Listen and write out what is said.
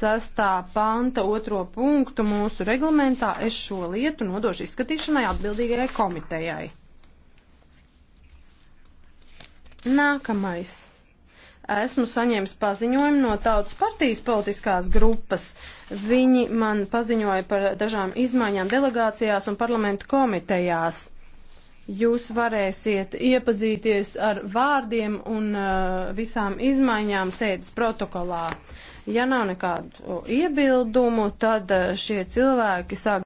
106. panta otro punktu mūsu reglamentā, es šo lietu nodošu izskatīšanai atbildīgajai komitejai. Nākamais. Esmu saņēmis paziņojumu no Tautas partijas politiskās grupas. Viņi man paziņoja par dažām izmaiņām delegācijās un parlamentu komitejās jūs varēsiet iepazīties ar vārdiem un uh, visām izmaiņām sēdes protokolā. Ja nav nekādu iebildumu, tad uh, šie cilvēki sāk.